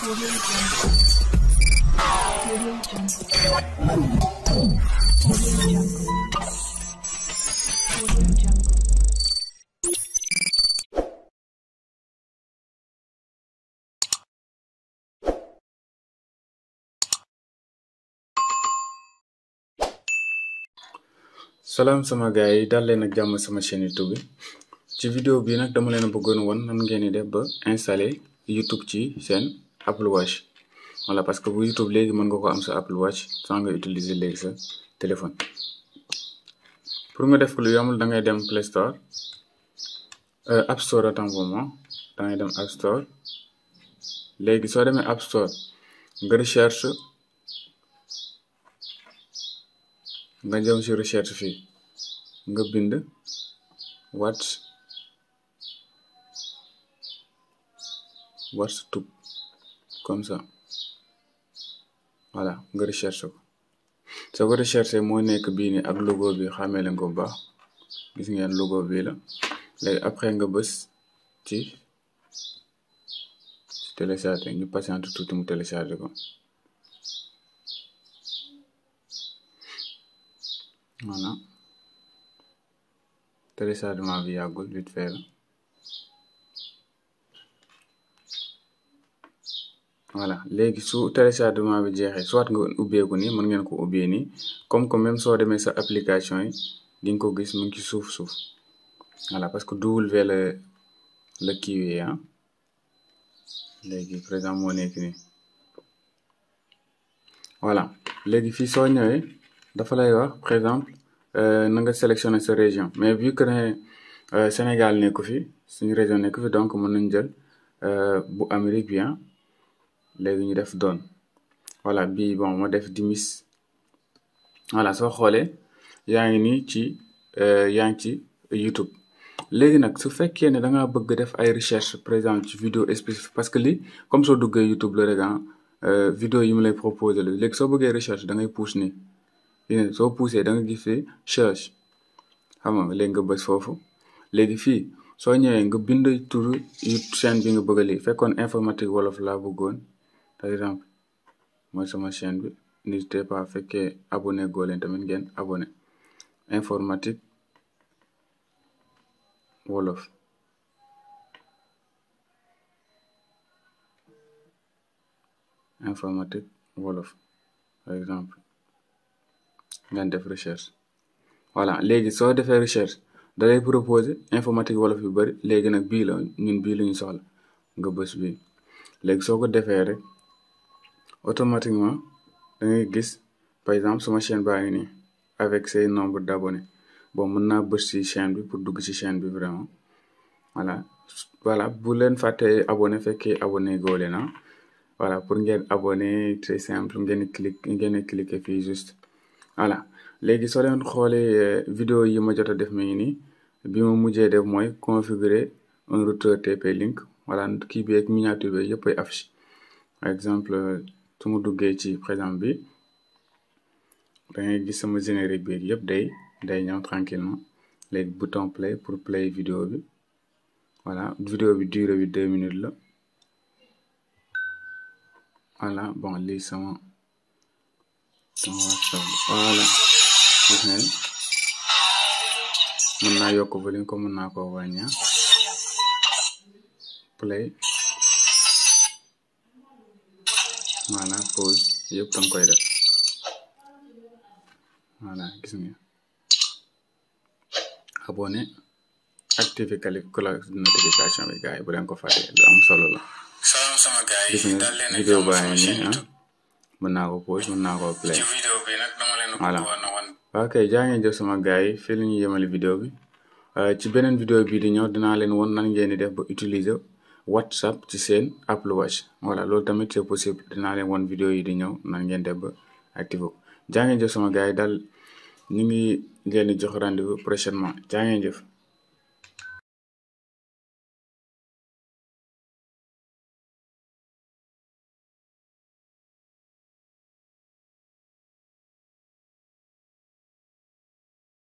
salaam sama gars yi daal leen ak jàmm sama chaîne YouTube ci vidéo bi nag dama leen bëggoon won nan ngeen di def ba installer YouTube ci seen Apple Watch voilà parce que bu YouTube léegi mën nga ko am sa Apple Watch sans nga utiliser léegi sa téléphone pour nga def ko lu yombul da ngay dem Play Store euh, App Store autant pour moi dem App Store léegi soo demee App Store nga recherche nga jëm ci recherche fii nga bind what's what's comme ça voilà nga recherche ko soo ko moo nekk bii nii ak logo bi xàmmee leen ko bu baax gis ngeen logo bii la léegi après nga bës ci téléchargé ñu patiente tuuti mu téléchargé ko voilà téléchargement bi yàggul vite fait la voilà léegi su téléchargement bi jeexee soit nga ubbeeku nii mën ngeen ko ubbee nii comme que même soo demee sa application yi di nga ko gis mu ngi ci suuf suuf voilà parce que double V la la ah. léegi par exemple moo nekk nii voilà léegi fii soo ñëwee dafa lay wax par exemple euh, na nga sélectionné sa région mais bi que ne euh, Sénégal nekku fi suñu région nekku fi donc mën nañ jël euh, bu Amérique bien ah. léegi ñu def doon voilà bi bon ma def dimis voilà soo xoolee yaa ngi nii ci euh, yaa ngi ci YouTube léegi nag su fekkee ne da ngaa bëgg def ay recherche par exemple ci vidéo spécifique parce que li comme soo duggee YouTube la rek ah euh, vidéo yi mu lay proposé la léegi soo bëggee recherche da ngay pousse nii soo poussé danga nga gis fii search xam nga léegi nga bës foofu léegi fii soo ñëwee nga bind tour turu chaîne bi nga bëgg a lii fekkoon informatique wolof laa bëggoon exemple mooy sama chaîne bi n'hésitez pas fekkee abonné goo tamit ngeen abonné informatique wolof informatique wolof par exemple ngeen def recherche voilà léegi soo defee recherche dalay proposé informatique wolof yu bari léegi nag biilo la ñun bii la ñu soxla nga bës bii léegi soo ko defee rek automatiquement da ngay gis par exemple suma chaîne ngi nii avec ses nombre d'abonnés bon mën naa bës si chaîne bi pour dugg ci chaine bi vraiment voilà voilà bu leen fàttee abonné fekkee abonné goo leen ah. voilà pour ngeen abonné très simple ngeen clic ngeen cliquer fii juste voilà léegi soo leen xoolee euh, video yi ma jot a def mi ngi nii bi ma mujjee def mooy configurer un routeur TP-Link voilà kii bi ak miniature bi yëpp ay affiché par exemple su ma duggee ci présent bi da ngay gis sama générique bi yëpp day day ñëw tranquillement léegi bouton play pour play vidéo bi voilà vidéo bi deux minutes la voilà bon lii sama sama WhatsApp voilà gis ngeen mën naa yokk volume ko mën naa koo wàññi ah. play maanaam pause yëpp danga koy def voilà gis nga abonné activé kali cloche notification bi gars yi bu leen ko fàtte am solo la gis nga ah. mën naa ko pause mën naa sama gars yi fii la ñuy yemale vidéo bi euh, ci beneen vidéo bii di ñëw dinaa leen won nan ngeen di def ba utiliser whatsapp ci seen Apple Watch voilà loolu tamit c'est possible dinaa leen won vidéo yi di ñëw nan ngeen def ba activé ko jaa ngeen jëf sama gars yi daal ñu ngi leen di jox rendez-vous prochainement jaa ngeen